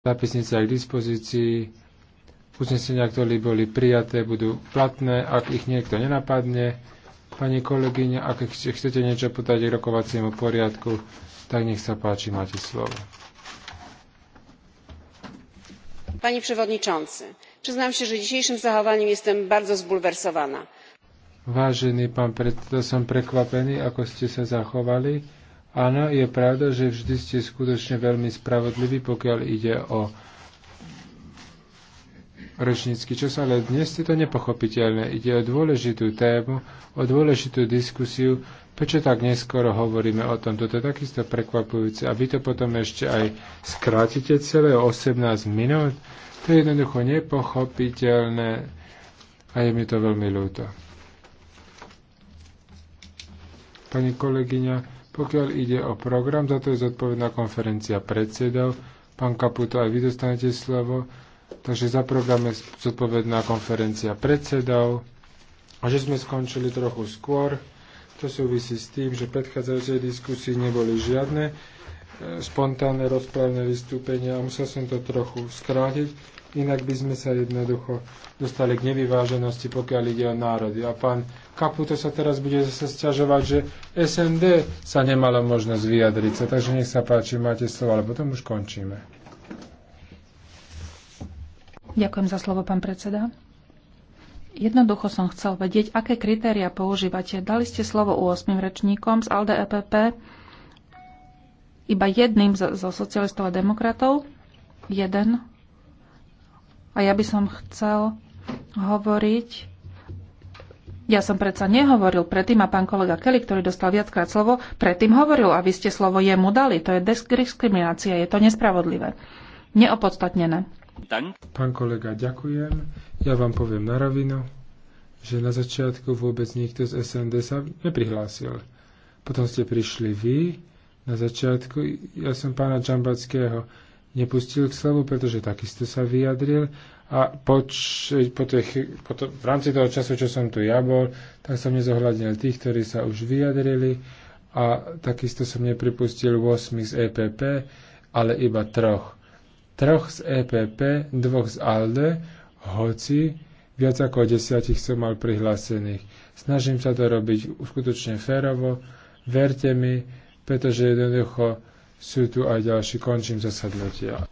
Zápisnica aj k dispozícii. Uznesenia, ktoré boli prijaté, budú platné, ak ich niekto nenapadne. Pani kolegyňa, ak chcete niečo podať k rokovaciemu poriadku, tak nech sa páči, máte slovo. Panie przewodniczący, przyznam się, że dzisiejszym zachowaniem jestem bardzo zbulwersowana. Vážený pán to som prekvapený, ako ste sa zachovali Áno, je pravda, že vždy ste skutočne veľmi spravodliví, pokiaľ ide o rečnícky čas, ale dnes je to nepochopiteľné. Ide o dôležitú tému, o dôležitú diskusiu. Prečo tak neskoro hovoríme o tom? Toto je takisto prekvapujúce. A vy to potom ešte aj skrátite celé o 18 minút? To je jednoducho nepochopiteľné a je mi to veľmi ľúto. Pani kolegyňa, pokiaľ ide o program, za to je zodpovedná konferencia predsedov. Pán Kaputo, aj vy dostanete slovo. Takže za program je zodpovedná konferencia predsedov. A že sme skončili trochu skôr, to súvisí s tým, že predchádzajúcej diskusii neboli žiadne E, spontánne rozprávne vystúpenia a musel som to trochu skrátiť, inak by sme sa jednoducho dostali k nevyváženosti, pokiaľ ide o národy. A pán Kaputo sa teraz bude zase sťažovať, že SND sa nemala možnosť vyjadriť sa, takže nech sa páči, máte slovo, ale potom už končíme. Ďakujem za slovo, pán predseda. Jednoducho som chcel vedieť, aké kritéria používate. Dali ste slovo u 8 rečníkom z ALDE EPP, iba jedným zo, zo socialistov a demokratov. Jeden. A ja by som chcel hovoriť. Ja som predsa nehovoril predtým a pán kolega Kelly, ktorý dostal viackrát slovo, predtým hovoril a vy ste slovo jemu dali. To je diskriminácia, je to nespravodlivé. Neopodstatnené. Pán kolega, ďakujem. Ja vám poviem na rovinu, že na začiatku vôbec nikto z SND sa neprihlásil. Potom ste prišli vy na začiatku. Ja som pána Čambackého nepustil k slovu, pretože takisto sa vyjadril a poč, po tých, po to, v rámci toho času, čo som tu ja bol, tak som nezohľadnil tých, ktorí sa už vyjadrili a takisto som nepripustil 8 z EPP, ale iba troch. Troch z EPP, dvoch z ALDE, hoci viac ako desiatich som mal prihlásených. Snažím sa to robiť skutočne férovo, verte mi, pretože jednoducho sú tu aj ďalší. Končím zasadnutia.